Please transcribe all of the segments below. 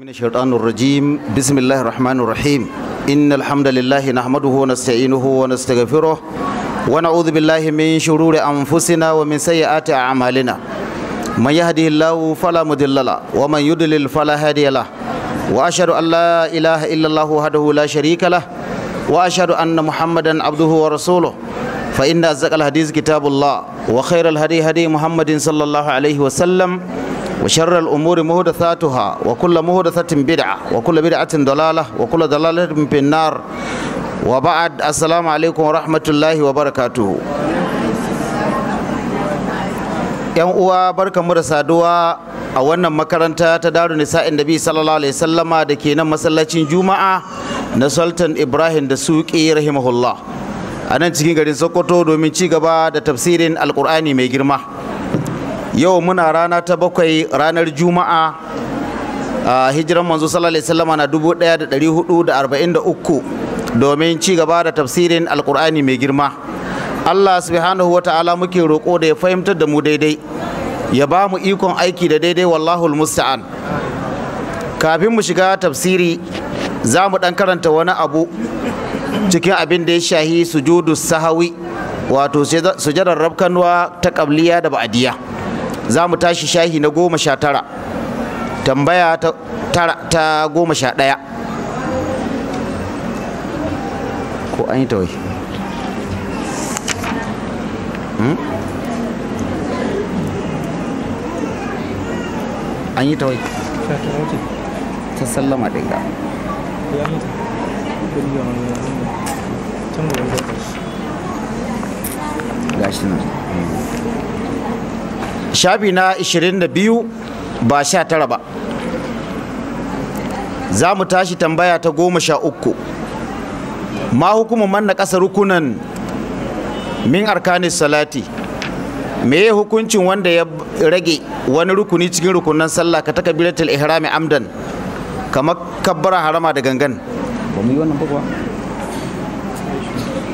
من الشيطان الرجيم بسم الله الرحمن الرحيم إن الحمد لله نحمده ونستعينه ونستغفره ونعوذ بالله من شرور أنفسنا ومن سيئات أعمالنا من يهده الله فلا مضل له ومن يضلل فلا هادي له وأشهد أن لا إله إلا الله وحده لا شريك له وأشهد أن محمدا عبده ورسوله فإن أصدق الحديث كتاب الله وخير الهدي هدي محمد صلى الله عليه وسلم وشر الأمور مهدثاتها وكل مهدثة بدعة وكل بدعة ضلالة وكل ضلالة في النار وبعد السلام عليكم ورحمة الله وبركاته yan uwa barkamu da saduwa a wannan makaranta ta daru nisa'in da nabi sallallahu alaihi sallama da ke nan masallacin juma'a na sultan ibrahim da suƙi rahimahullah a nan cikin garin sokoto domin ci gaba da tafsirin alƙur'ani mai girma yau muna rana ta bakwai ranar juma'a a hijiran manzo sallallahu alaihi arba'in na 1443 domin ci gaba da tafsirin alkur'ani mai girma Allah subhanahu ta'ala muke roƙo da ya fahimtar da mu daidai ya ba mu ikon aiki da daidai wallahul musta'an kafin mu shiga tafsiri za mu ɗan karanta wani abu cikin abin da ya shahi sujudu sahawi wato sujadar rabkanwa ta ƙabliya da ba'adiyya za mu tashi shahi na goma sha tara tambaya ta goma sha ɗaya ko an yi wai. Hmm? an yi ta wai ta sallama ɗin ga gashi nan hmm. shafi na 22 ba 19 ba za mu tashi tambaya ta goma sha uku ma hukumu man na ƙasa rukunan min arkanis salati me ya hukuncin wanda ya rage wani rukuni cikin rukunan sallah ka ta kabiratul ihrami amdan kamar kabbara harama da gangan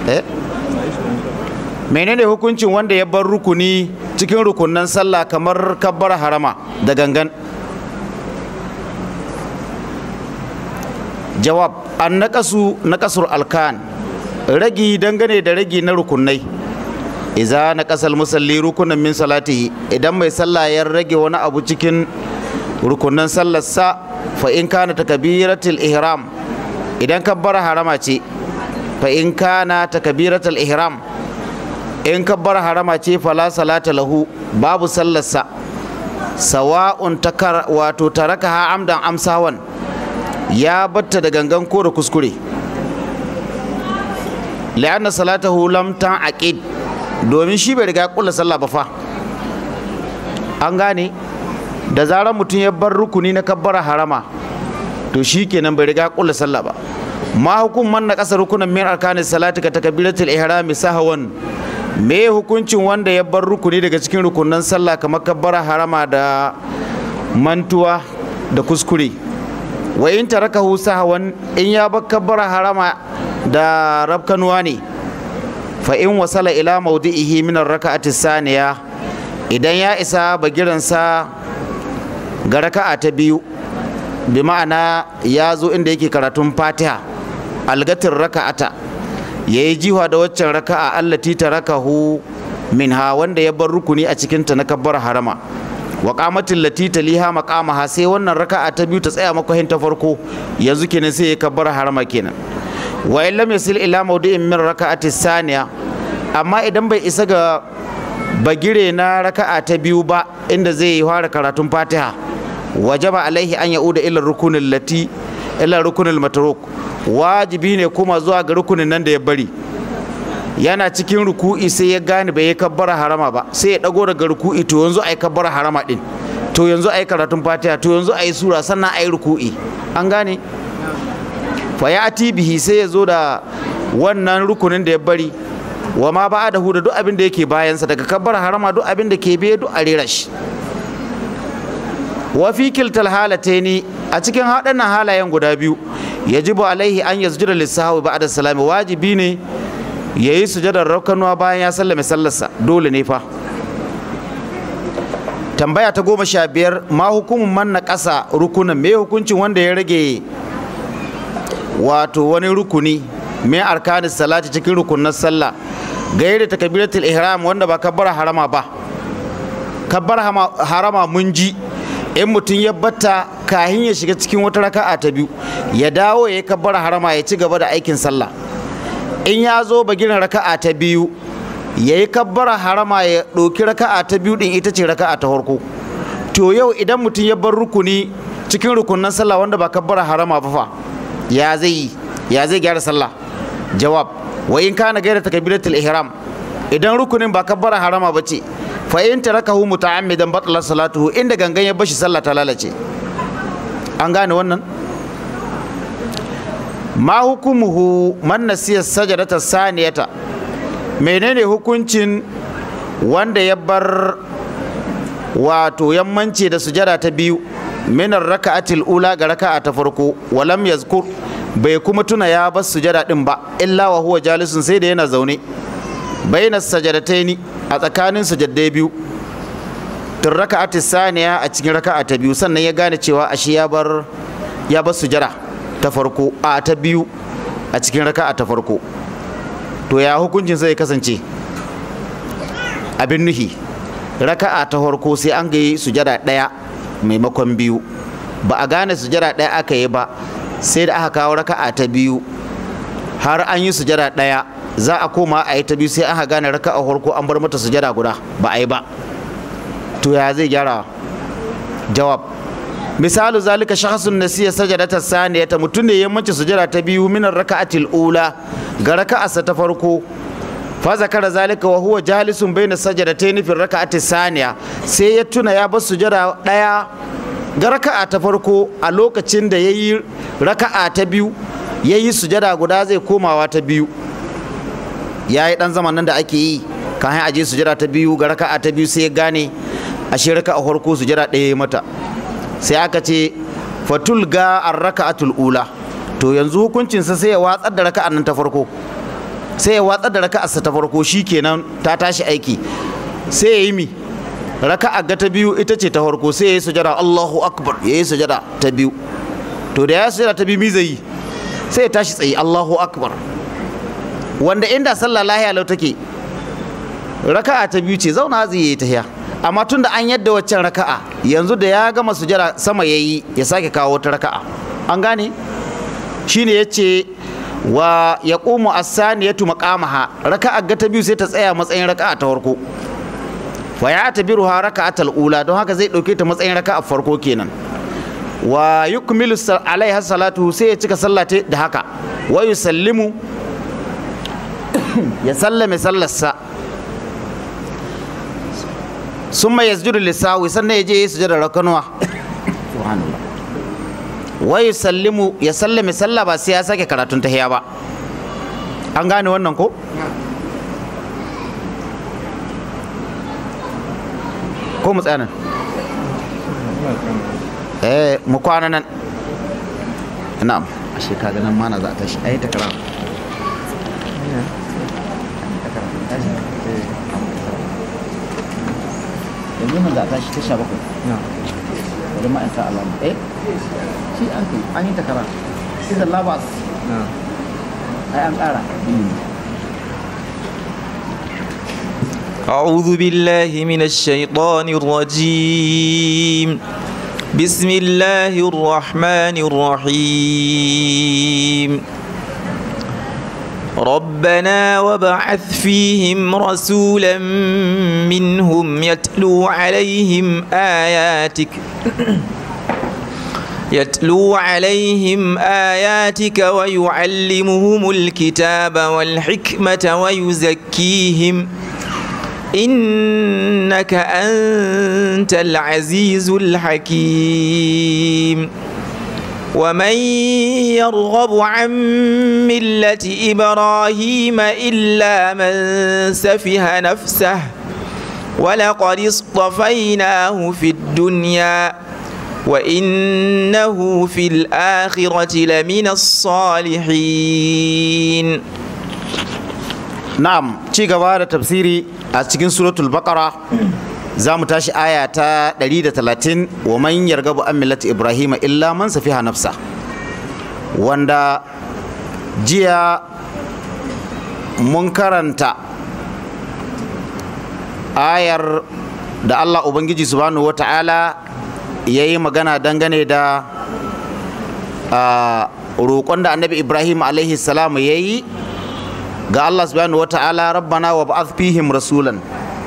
eh? menene hukuncin wanda ya bar rukuni cikin rukunan sallah kamar kabbar harama da gangan jawab an naƙasu naƙasur alkan ragi dangane da ragi na rukunai iza na musalli rukunan min salatihi idan mai sallah ya rage wani abu cikin rukunan sallarsa fa in kana takabiratul ihram idan kabbara harama ce fa in kana takabiratul ihram in kabbar harama ce fala salata lahu babu sallarsa sawa'un takar wato taraka ha amdan amsawan ya batta da gangan ko da kuskure la'anna salatahu lam tan aqid domin shi bai riga kula sallah ba fa an gane da zarar mutum ya bar rukuni na kabbara harama to shi kenan bai riga kula sallah ba ma hukumman na ƙasa rukunan min arkanis salati ka takabiratul ihrami sahawan me hukuncin wanda ya bar rukuni daga cikin rukunan sallah kamar kabbara harama da mantuwa da kuskure wa in husa sahawan in ya bar kabbara harama da rabkanuwa ne fa in wasala ila maudi'ihi min ar-rak'ati saniya idan ya isa bagiransa ga raka'a ta biyu bi ma'ana ya zo inda yake karatun fatiha algatin raka'ata ya yi jiwa da waccan raka'a allati min minha wanda ya bar rukuni a cikinta na kabbar harama wa qamatil lati taliha maqamaha sai wannan raka'a ta biyu ta tsaya makwahin ta farko yanzu kenan sai ya kabbar harama kenan wa illa yasil ila mawdi'in min ta saniya amma idan bai isa ga bagire na raka'a ta biyu ba inda zai yi fara karatun fatiha wajaba alaihi an ya'uda ila rukunin lati illa rukunin mataruk wajibi ne kuma zuwa ga rukunin nan da ya bari yana cikin ruku'i sai ya gane bai yi kabbara harama ba sai ya dago daga ruku'i to yanzu ai kabbara harama din to yanzu ai karatun fatiha to yanzu ai sura sannan ai yi ruku'i an gane fa ya bihi sai ya zo da wannan rukunin da ya bari wa ma ba da duk abin da yake bayansa daga kabbara harama duk abin da ke biye duk a shi wa fi kiltal halataini a cikin haɗannan halayen guda biyu ya yajibu alaihi an yasjuda lissahawi ba'da salami wajibi ne ya yayi sujadar rakanuwa bayan ya sallame sallarsa dole ne fa tambaya ta goma sha biyar ma hukumin man na ƙasa rukunan me hukuncin wanda ya rage wato wani rukuni me arkanis salati cikin rukunan sallah gaire takabiratul ihram wanda ba kabbara harama ba kabbara harama mun ji in mutum ya batta kahin ya shiga cikin wata raka'a ta biyu ya dawo ya kabbar harama ya ci gaba da aikin sallah in ya zo ba bagirin raka'a ta biyu ya yi kabbar harama ya ɗauki raka'a ta biyu ɗin ita ce raka'a ta farko to yau idan mutum ya bar rukuni cikin rukunan sallah wanda ba kabbar harama ba fa ya zai ya zai gyara sallah jawab wa in kana gaira takbiratul ihram idan rukunin ba kabbar harama ba ce fa in tarakahu muta'ammidan batala salatuhu inda gangan ya bashi sallah ta lalace an gane wannan ma hukumuhu man nasiya sajadata saniyata menene hukuncin wanda ya bar wato yammanci da sujada ta biyu minar raka'atil ula ga raka'a ta farko walam yazkur bai kuma tuna ya bar sujada din ba illa wa huwa jalisun sai da yana zaune bainas sajadataini a tsakanin sajadai biyu tun raka a saniya a cikin raka a ta biyu sannan ya gane cewa ashe ya bar ya bar sujada ta farko a ta biyu a cikin raka a ta farko to ya hukuncin zai kasance abin nuhi raka a ta farko sai an ga yi sujada ɗaya maimakon biyu ba a gane sujada ɗaya aka yi ba sai da aka kawo raka a ta biyu har an yi sujada ɗaya za a koma a yi ta biyu sai an gane raka a horko an bar mata sujada guda ba a yi ba to ya zai gyara jawab misalu zalika shakhsun nasiya sajadata ta mutum ne yammanci sujada ta biyu minan raka'atil ula ga raka'arsa ta farko fa zakara zalika wa huwa jalisun baina sajadatayn fi raka'ati saniya sai ya tuna ya bar sujada daya ga raka'a ta farko a lokacin da yayi raka'a ta biyu yayi sujada guda zai komawa ta biyu ya yi ɗan zaman nan da ake yi hanyar aje sujada ta biyu ga raka'a ta biyu sai ya gane a ashe raka'a farko sujada ɗaya mata sai aka ce fatulga ar-raka'atul ula to yanzu hukuncinsa sai ya watsar da raka'a nan ta farko sai ya watsar da raka'arsa ta farko shikenan ta tashi aiki sai ya yi mi raka'a ga ta biyu ita ce ta farko sai ya yi sujada Allahu akbar ya yi sujada ta biyu to da ya yi sujada ta biyu mi zai yi sai ya tashi tsaye Allahu akbar wanda inda sallah lahiya lau take raka'a ta biyu ce zauna zai yi tahiya amma tun da an yadda waccan raka'a yanzu da ya gama sujada sama ya yi ya sake kawo ta raka'a an gane shine ya ce wa ya ƙumu asaniyatu ha? raka'a ga ta biyu sai ta tsaya matsayin raka'a ta farko wa ya raka'a ta ula don haka zai ɗauke ta matsayin raka'a farko kenan wa yukmilu alaiha salatu sai ya cika sallah da haka wa yusallimu ya sallame sallarsa sun mai yasjudu lissawi sannan ya je ya sujada rakanuwa wai ya sallimu ya sallame sallah ba sai ya sake karatun tahiya ba an gane wannan ko ko mu tsaya eh mu kwana nan na'am a shekara nan mana za ta shi ai ta karatu aji yanzu nan za a tashi ta sha bakwai bari ma in sa alamu eh shi an fi an yi takara sai da labas ai an ƙara أعوذ بالله من الشيطان الرجيم بسم الله الرحمن الرحيم ربنا وابعث فيهم رسولا منهم يتلو عليهم آياتك يتلو عليهم آياتك ويعلمهم الكتاب والحكمة ويزكيهم إنك أنت العزيز الحكيم ومن يرغب عن ملة إبراهيم إلا من سفه نفسه ولقد اصطفيناه في الدنيا وإنه في الآخرة لمن الصالحين نعم تيجا تفسيري أتكين سورة البقرة za mu tashi aya ta 130 wa man yargabu an millati ibrahima illa man safiha nafsa wanda jiya mun karanta ayar da Allah Ubangiji subhanahu wata'ala ya yi magana dangane da roƙon da annabi Ibrahim alaihi salam ya yi ga Allah subhanahu wata'ala rabbana wa ba'ath fihim rasulan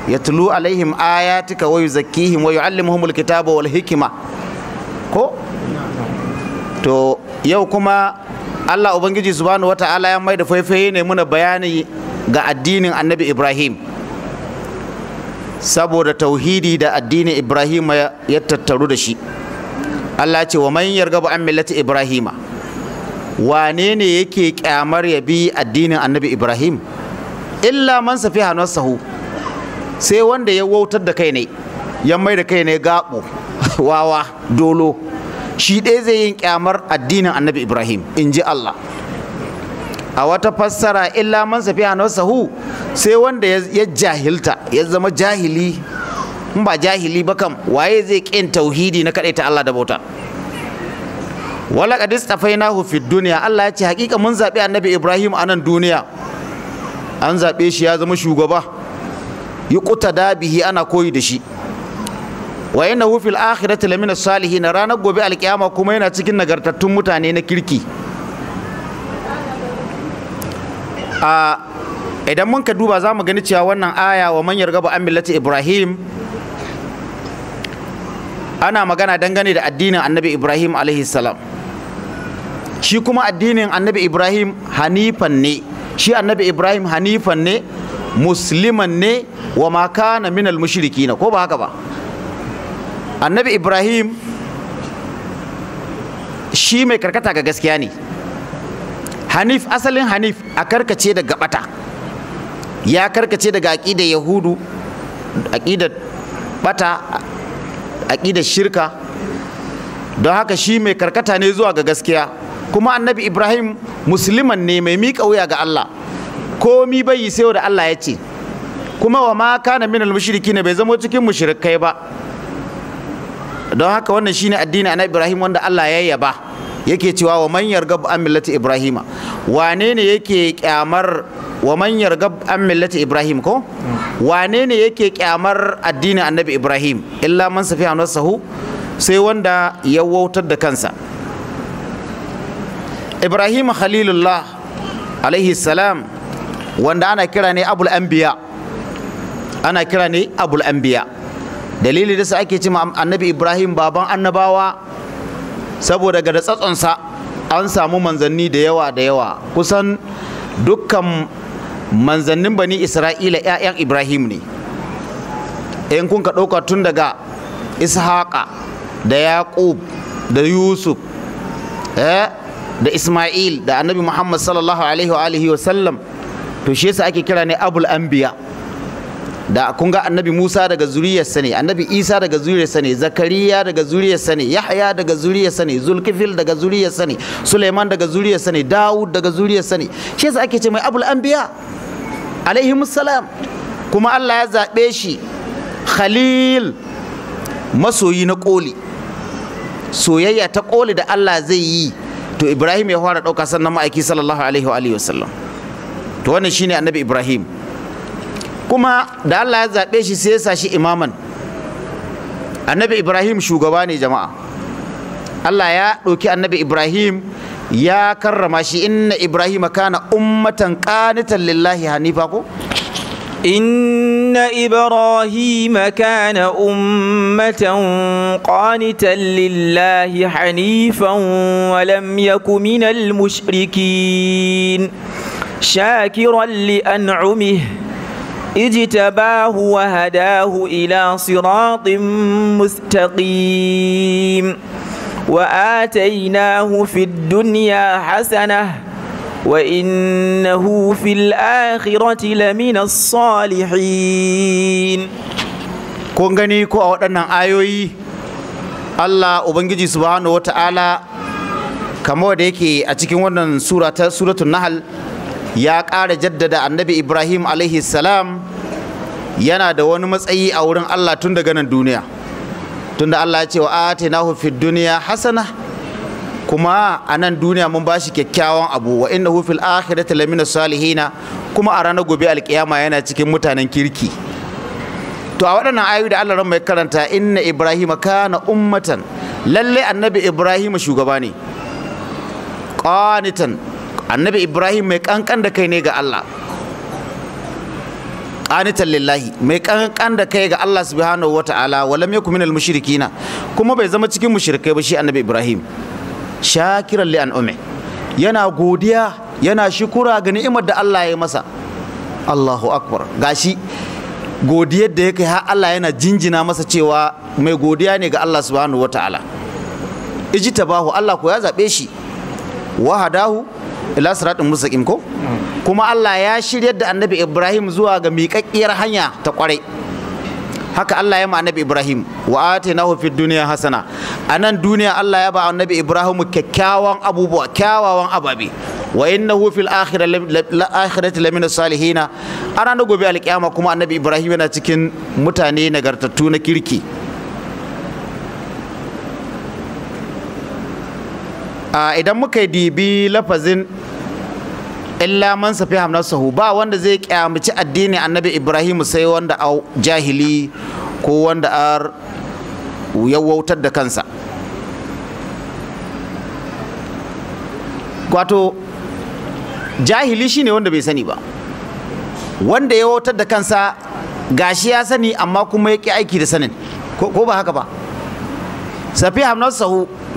Ya yatlu alaihim ayatika wa yuzakkihim wa yuallimuhumul kitaba wal hikima ko to yau kuma Allah ubangiji subhanahu wata'ala ya mai da faifaye ne muna bayani ga addinin annabi Ibrahim saboda tauhidi da addinin Ibrahim ya tattaru da shi Allah ce wa man yargabu an millati Ibrahima wane ne yake kyamar ya bi addinin annabi Ibrahim illa man safi hanarsahu sai wanda ya wautar da kai ne ya mai da kai ne gaɓo wawa dolo shi ɗaya zai yin kyamar addinin annabi ibrahim in ji allah a wata fassara illa man safi sahu sai wanda ya jahilta ya zama jahili in ba jahili ba kam waye zai ƙin tauhidi na kaɗai ta allah da bauta wala qad istafainahu fi duniya allah ya ce hakika mun zaɓi annabi ibrahim a nan duniya an zaɓe shi ya zama shugaba da bihi ana koyi da shi wa innahu fil akhirati lamina na ranar gobe alkiyama kuma yana cikin nagartattun mutane na kirki idan mun ka duba za mu gani cewa wannan aya wa man gaba an millati ibrahim ana magana dangane da addinin annabi ibrahim alaihi salam shi kuma addinin annabi ibrahim hanifan ne shi annabi ibrahim hanifan ne musliman ne wa ma kana minal mushrikina ko ba haka ba annabi ibrahim shi mai karkata ga gaskiya ne hanif asalin hanif a karkace daga bata ya karkace daga aƙidar yahudu aƙidar bata aƙidar shirka don haka shi mai karkata ne zuwa ga gaskiya kuma annabi ibrahim musulman ne mai miƙa wuya ga allah komi bai yi sai da Allah ya ce kuma wa ma kana min al ne bai zama cikin mushrikai ba don haka wannan shine addini na Ibrahim wanda Allah ya yaba yake cewa wa man yarga bi millati Ibrahim wane ne yake kyamar wa man yarga an millati Ibrahim ko wane ne yake kyamar addinin annabi Ibrahim illa man safiha nafsahu sai wanda ya wautar da kansa Ibrahim Khalilullah alaihi salam wanda ana kira ne abul anbiya ana kira ne abul anbiya dalili da ake cewa annabi ibrahim baban annabawa saboda ga datsatsonsa an samu manzanni da yawa da yawa kusan dukkan manzannin bani isra'ila 'ya'yan ibrahim ne in kun ka ɗauka tun daga ishaqa da yaqub da yusuf eh da isma'il da annabi muhammad sallallahu alaihi wa sallam to shi yasa ake kira ne abul anbiya da kun ga annabi Musa daga zuriyarsa ne annabi Isa daga zuriyarsa ne Zakariya daga zuriyarsa ne Yahya daga zuriyarsa ne Zulkifil daga zuriyarsa ne Suleiman daga zuriyarsa ne Dawud daga zuriyarsa ne shi yasa ake ce mai abul anbiya alaihi salam kuma Allah ya zaɓe shi Khalil masoyi na ƙoli soyayya ta ƙoli da Allah zai yi to Ibrahim ya fara ɗauka sannan ma'aiki sallallahu alaihi wa alihi wasallam to wannan shine annabi ibrahim kuma da allah ya zaɓe shi sai ya sa shi imaman annabi ibrahim shugaba ne jama'a allah ya ɗauki annabi ibrahim ya karrama shi inna ibrahim kana ummatan qanitan lillahi hanifa ko Ibrahim إبراهيم كان أمة قانتا لله حنيفا ولم يك من mushrikin. شاكرا لأنعمه اجتباه وهداه إلى صراط مستقيم وآتيناه في الدنيا حسنة وإنه في الآخرة لمن الصالحين kun gani ko a waɗannan ayoyi Allah Ubangiji subhanahu wata'ala kamar da yake a cikin wannan sura ta ya ƙara jaddada annabi ibrahim alaihi salam yana da wani matsayi a wurin allah tun daga nan duniya Tun da allah ya ce wa na hufi duniya hasana kuma a nan duniya mun ba shi kyakkyawan abu wa innahu fil akhirati lamina salihina kuma a ranar gobe alkiyama yana cikin mutanen kirki to a waɗannan ayoyi da Allah mai karanta inna ka kana ummatan lalle annabi Ibrahim shugaba ne qanitan annabi ibrahim mai kankan da kai ne ga allah qanitan lillahi mai kankan da kai ga Allah subhanahu wata'ala walam yakun minal mushrikina kuma bai zama cikin mushrikai ba shi annabi Ibrahim shakiran li an'umi yana godiya yana shukura ga ni'imar da Allah ya masa Allahu Ga shi godiyar da ya kai har Allah yana jinjina masa cewa mai godiya ne ga Allah subhanahu wata'ala ijtabahu Allah ko ya zaɓe shi wahadahu ila siratun mustaqim ko kuma Allah ya shiryar da annabi Ibrahim zuwa ga miƙaƙƙiyar hanya ta ƙwarai haka Allah ya ma annabi Ibrahim wa atainahu fid dunya hasana anan duniya Allah ya ba annabi Ibrahim kyakkyawan abubuwa kyawawan ababe wa innahu fil akhirati lamina salihina ana na gobe alƙiyama kuma annabi Ibrahim yana cikin mutane nagartattu na kirki idan muka dibi lafazin illa man safi hamnasahu ba wanda zai kyamaci addini annabi ibrahim sai wanda a jahili ko wanda a yawautar da kansa wato jahili shine wanda bai sani ba wanda ya wautar da kansa gashi ya sani amma kuma ya ƙi aiki da sanin ko ba haka ba safi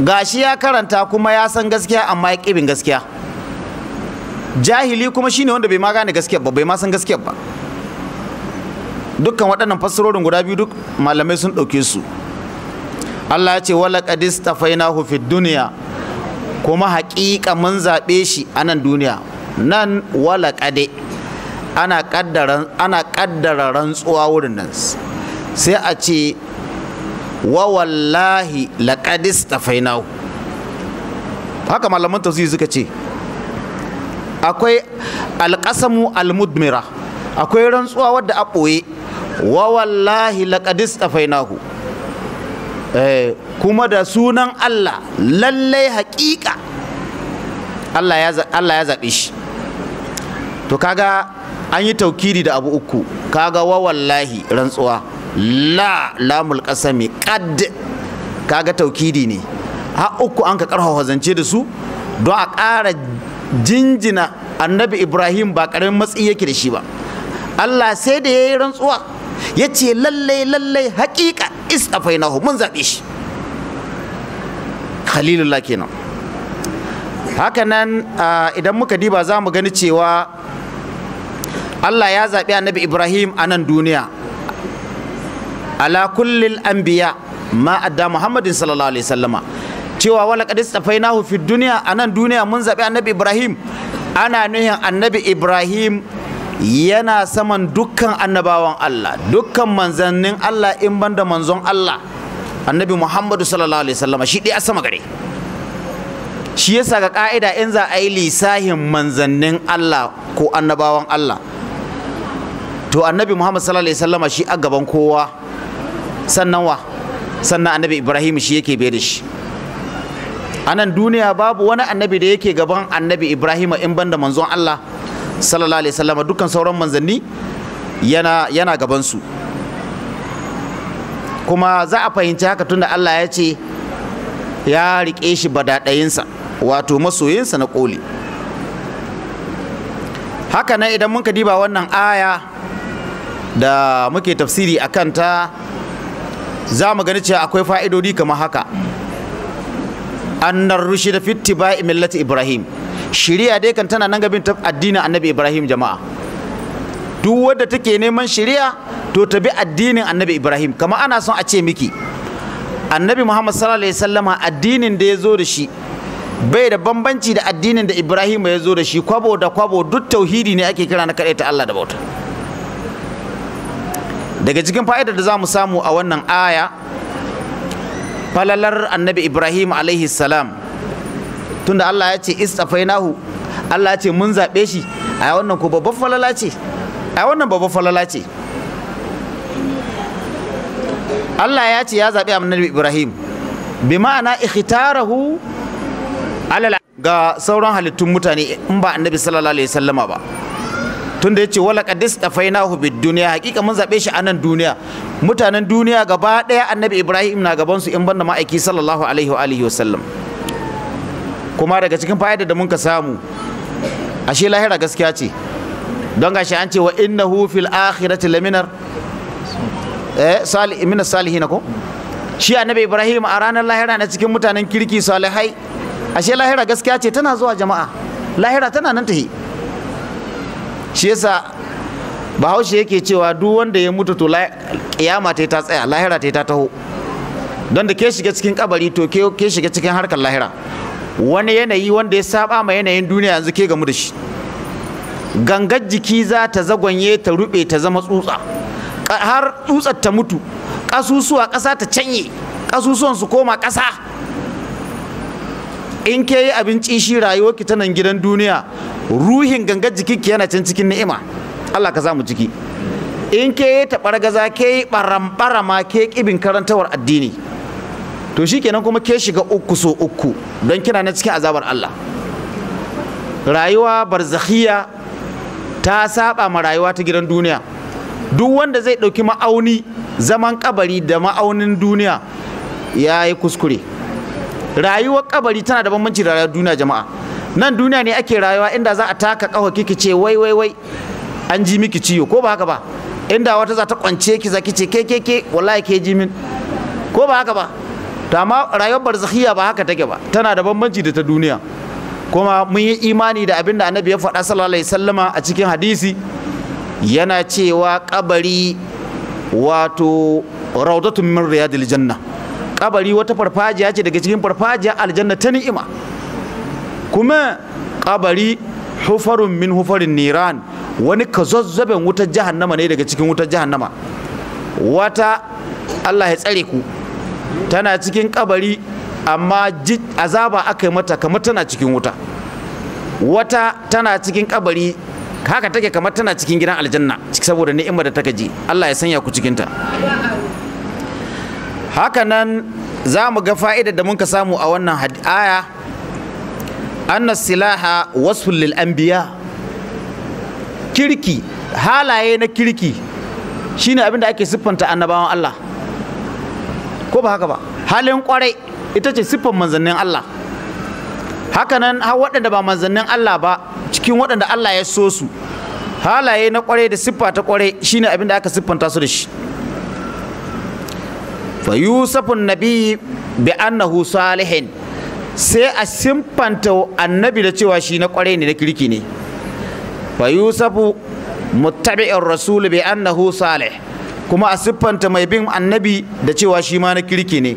ga shi ya karanta kuma ya san gaskiya amma ya ƙibin gaskiya jahili kuma shine wanda bai ma gane gaskiya ba bai ma san gaskiya ba dukkan waɗannan fassarorin guda biyu duk malamai sun ɗauke su Allah ya ce wala qadis tafainahu fi duniya kuma haƙiƙa mun zaɓe shi a nan duniya nan wala ana ƙaddara rantsuwa wurin nan sai a ce wa wallahi ta istafainahu haka malaman tafsiri suka ce akwai alƙasamu almudmira akwai rantsuwa wadda a ɓoye wa wallahi ta tsafainahu eh, kuma da sunan Allah lallai haƙiƙa Allah ya zaɓe shi to kaga an yi taukiri da abu uku kaga wa wallahi rantsuwa la lamul kasami kad kaga taukidi ne Ha uku an ka karhawa zance da su don a ƙara jinjina annabi ibrahim ba ƙaramin matsi yake da shi ba allah sai da ya yi rantsuwa ya ce lallai lallai haƙiƙa mun zaɓe shi khalilullah kenan hakanan idan muka diba zamu gani cewa allah ya zaɓi annabi ibrahim a nan duniya ala kullil anbiya ma adda muhammadin sallallahu alaihi wasallama cewa wala qad istafainahu fi dunya anan duniya mun zabi annabi ibrahim ana nuhin annabi ibrahim yana saman dukkan annabawan Allah dukkan manzannin Allah in banda manzon Allah annabi muhammadu sallallahu alaihi wasallama shi dai a sama gare shi yasa ga ka'ida in za a yi lisahin manzannin Allah ko annabawan Allah to annabi Muhammad sallallahu alaihi wasallama shi a gaban kowa sannan wa sannan annabi ibrahim shi yake bai da shi a nan duniya babu wani annabi da yake gaban annabi ibrahim in ban da manzon allah sallallahu alaihi wasallam dukkan sauran manzanni yana yana gaban su kuma za a fahimci haka tunda allah ya ce ya riƙe shi badaɗayinsa wato masoyinsa na ƙoli haka nan idan muka diba wannan aya da muke tafsiri a kanta za mu gani cewa akwai fa'idodi kamar haka annar rushi da fitti ba millati ibrahim Shirya dai kan tana nan gabin ta addinin annabi ibrahim jama'a duk wadda take neman shiriya to ta bi addinin annabi ibrahim kamar ana son a ce miki annabi muhammad sallallahu alaihi wasallama addinin da ya zo da shi bai da bambanci da addinin da ibrahim ya zo da shi kwabo da kwabo duk tauhidi ne ake kira na kaɗai ta allah da bauta daga cikin fa'idar da za mu samu a wannan aya falalar annabi ibrahim alaihi salam tunda allah ya ce istafainahu allah ya ce mun zaɓe shi a wannan ko babban falala ce a wannan babban falala ce allah ya ce ya zaɓe annabi ibrahim bi ma'ana ikhtarahu alal ga sauran halittun mutane in ba annabi sallallahu alaihi sallama ba tunda yace wala kadis da faina bid duniya. hakika mun zaɓe shi a nan duniya mutanen duniya gaba ɗaya annabi ibrahim na gaban su in banda ma'aiki sallallahu alaihi wa alihi wasallam kuma daga cikin fa'ida da mun ka samu ashe lahira gaskiya ce don gashi an ce wa innahu fil akhirati laminar eh salih min salihin ko shi annabi ibrahim a ranar lahira na cikin mutanen kirki salihai ashe lahira gaskiya ce tana zuwa jama'a lahira tana nan tahi shi yasa bahaushe yake cewa duk wanda ya mutu to kiyama ta ta tsaya lahira ta ta taho don da ke shiga cikin kabari to ke shiga cikin harkar lahira wani yanayi wanda ya saba ma yanayin duniya yanzu ke gamu da shi gangar jiki za ta zagwanye ta rube ta zama tsutsa har tsutsar ta mutu ƙasusuwa ƙasa ta canye ƙasusuwan su koma ƙasa in ke yi abinci shi rayuwarki ta nan gidan duniya ruhin gangar jikinki yana can cikin ni'ima Allah ka mu ciki in ke yi taɓar gaza ke yi ɓaramɓarama ke ƙibin karantawar addini to shi kenan kuma ke shiga uku so uku don kina na cikin azabar Allah rayuwa barzakhiya ta saba ma rayuwa ta gidan duniya duk wanda zai ɗauki ma'auni zaman kabari da ma'aunin duniya ya yi kuskure rayuwar kabari tana da bambanci da rayuwar duniya jama'a nan duniya ne ake rayuwa inda za a taka kawo kiki ce wai wai wai an ji miki ciwo ko ba haka ba inda wata za ta kwance ki za ki ce ke ke ke wallahi ke ji min ko ba haka ba to amma rayuwar barzakhiya ba haka take ba tana da bambanci da ta duniya kuma mun yi imani da abin da annabi ya faɗa sallallahu alaihi sallama a cikin hadisi yana cewa kabari wato rawdatun min riyadil janna kabari wata farfajiya ce daga cikin farfajiya aljanna ta ni'ima kuma kabari hufarun min hufarin niran wani kazazzaben wutar jahannama ne daga cikin wutar jahannama wata Allah ya tsare ku tana cikin kabari amma azaba aka yi mata kamar tana cikin wuta wata tana cikin kabari haka take kamar tana cikin gidan aljanna saboda ni'imar da take ji Allah ya sanya ku cikin ta hakanan za mu ga fa'idar da muka samu a wannan aya Annas silaha wasu lil anbiya kirki halaye na kirki shine abin da ake siffanta annabawan Allah ko ba haka ba halin kwarai ita ce siffan manzannin Allah hakanan har waɗanda ba manzannin Allah ba cikin waɗanda Allah ya so su halaye na kwarai da siffa ta kwarai shine abin da aka siffanta su da shi fa yusufun nabi bi annahu salihin sai a simfanta annabi da cewa shi na kwarai ne na kirki ne fa yusufu muttabi'ir rasul bi annahu salih kuma a siffanta mai bin annabi da cewa shi ma na kirki ne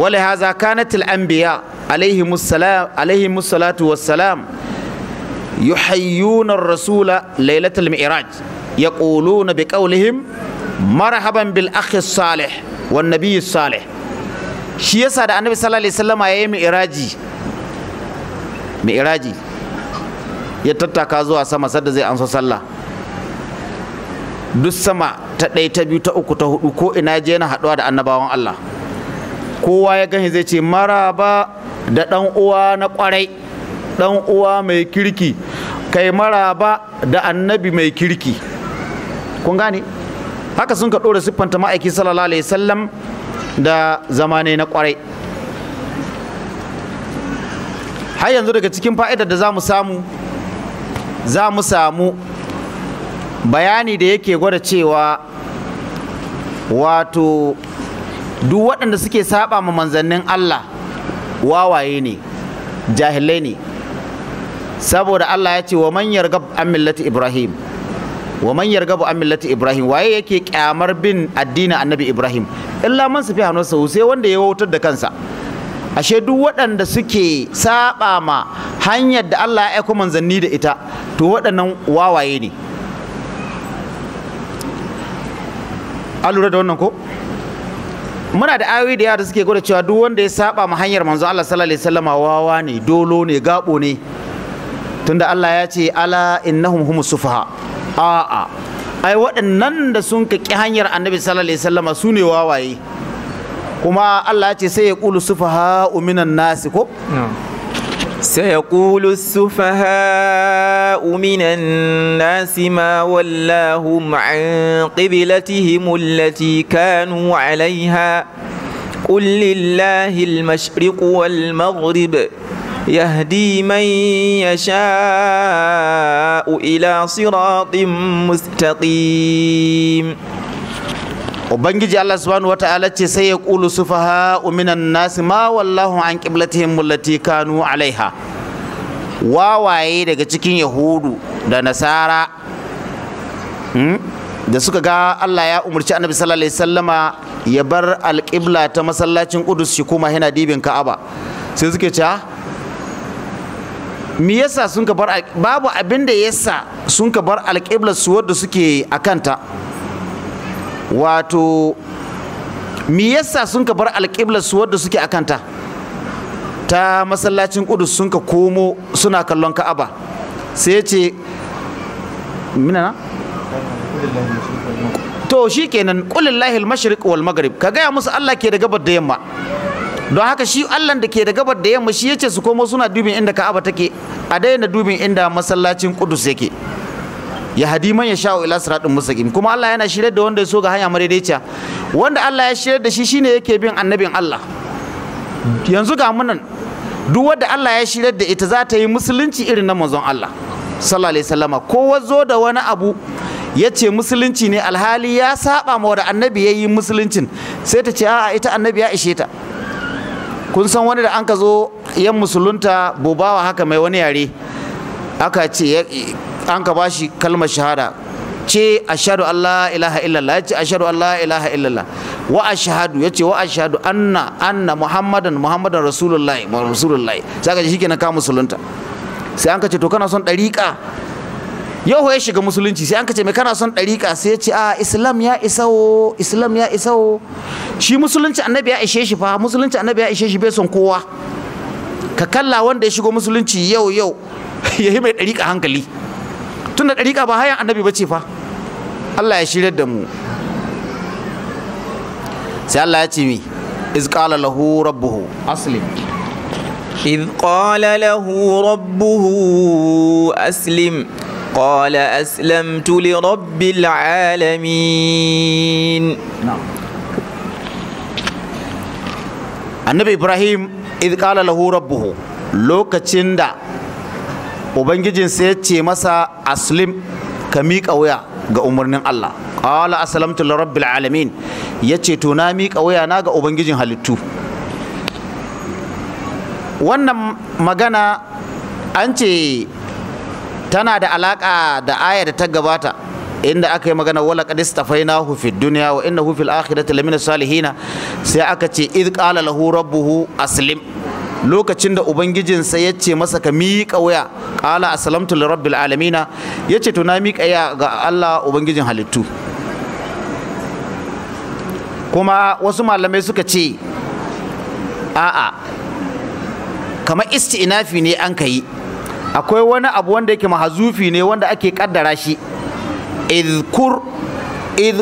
wale haza kanatil anbiya alaihi musallatu wassalam yuhayyuna rasula lailatul mi'raj yaquluna biqaulihim marhaban bil akhi salih wan nabiy salih shi yasa da annabi sallallahu alaihi ya yi mi'raji mi'raji ya tattaka zuwa sama sadda zai amsa sallah duk sama ta ɗaya ta biyu ta uku ta hudu ko ina je na haɗuwa da annabawan Allah kowa ya gani zai ce maraba da ɗan uwa na kwarai, ɗan uwa mai kirki kai maraba da annabi mai kirki kun gane haka sun ka ɗora siffanta ma'aiki sallallahu alaihi sallam da zamane na kwarai har yanzu daga cikin fa'idar da za mu samu za mu samu bayani da yake gwada cewa wato duk waɗanda suke saba ma manzannin Allah wawaye ne jahilai ne saboda Allah ya ce wa manyar gab an millati Ibrahim wa man yargabu an millati ibrahim waye yake kyamar bin addinin annabi ibrahim illa man sufi sau sai wanda ya wautar da kansa ashe duk waɗanda suke saba ma hanyar da Allah ya aiko manzanni da ita to waɗannan wawaye ne an lura da wannan ko muna da ayoyi da yawa suke gwada cewa duk wanda ya saba ma hanyar manzo Allah sallallahu alaihi wasallama wawa ne dolo ne gabo ne tunda Allah ya ce ala innahum humus sufaha a'a ai waɗannan da sun kaƙi hanyar annabi sallallahu alaihi wasallama wawaye kuma allah ce sai ya ƙulu sufa ha'u nasi ko sai ya ƙulu sufa ha'u minan nasi ma wallahu ma'an ƙibilati himullati kanu alaiha ƙullillahi almashriƙu wal maghrib يهدي من يشاء إلى صراط مستقيم ubangiji Allah subhanahu ce sai ya kulu sufaha minan nasi ma wallahu an qiblatihim allati kanu alaiha wawaye daga cikin yahudu da nasara hmm, da suka ga Allah ya umarci annabi sallallahu alaihi ya bar alƙibla ta masallacin ƙudus shi kuma yana dibin Ka'aba sai suke cewa me yasa sun ka bar babu abin da yasa sun ka bar alƙiblar su wadda suke a kanta wato me yasa sun ka bar alƙiblar su wadda suke a kanta ta masallacin kudus sun ka komo suna kallon ka'aba sai ce mina na to shi kenan kulillahi al-mashriq wal maghrib ka gaya musu Allah ke da gabar da yamma don haka shi Allah da ke da gabar da yamma shi ya ce su komo suna dubin inda Ka'aba take a daina dubin inda masallacin kudus yake ya hadiman ya sha'o ila siratin kuma Allah yana shirya da wanda ya so ga hanya madaidaiciya wanda Allah ya shirya da shi shine yake bin annabin Allah yanzu ga munan duk wanda Allah ya shirya da ita za ta yi musulunci irin na manzon Allah sallallahu alaihi wasallama ko zo da wani abu ya ce musulunci ne alhali ya saba ma wanda annabi ya yi musuluncin sai ta ce a'a ita annabi ya ishe ta kun san wani da an ka zo yan musulunta bobawa haka mai wani yare aka ce an ka ba shi kalmar shahada ce shahadu Allah ilaha illallah Ya a shahadu Allah ilaha illallah wa ya ce wa shahadu anna anna muhammadan muhammadan rasulullahi rasulullahi sai ka ji shikenan ka musulunta sai an ka ce to kana son dariƙa yau ya shiga musulunci sai an kace mai kana son ɗariƙa sai ya ce a ah, islam ya isawo islam ya isawo shi musulunci annabi ya ishe shi fa musulunci annabi ya ishe shi bai son kowa ka kalla wanda ya shigo musulunci yau yau ya yi mai ɗariƙa hankali tun da ɗariƙa ba hayan annabi ba ce fa Allah ya shirar da mu sai Allah ya ce mi iz qala lahu rabbuhu aslim إذ qala lahu rabbuhu aslim قال أسلمت لرب العالمين annabi ibrahim إذ قال له ربه lokacin da ubangijinsa ya ce masa كميك ka miƙa ga umarnin Allah qala aslamtu lirabbil alamin yace to na miƙa wayana na ga ubangijin halittu wannan magana an ce tana da alaka da aya da ta gabata inda aka yi magana wala qad hu fi dunya wa hu fil akhirati lamina salihina sai aka ce id qala lahu rabbuhu aslim lokacin da ubangijinsa ya ce masa ka miƙa waya qala aslamtu lirabbil alamina yace to na miƙa ya ga Allah ubangijin halittu kuma wasu malamai suka ce a'a kamar isti'nafi ne an ka yi akwai wani abu wanda yake mahazufi ne wanda ake kaddara shi izkur iz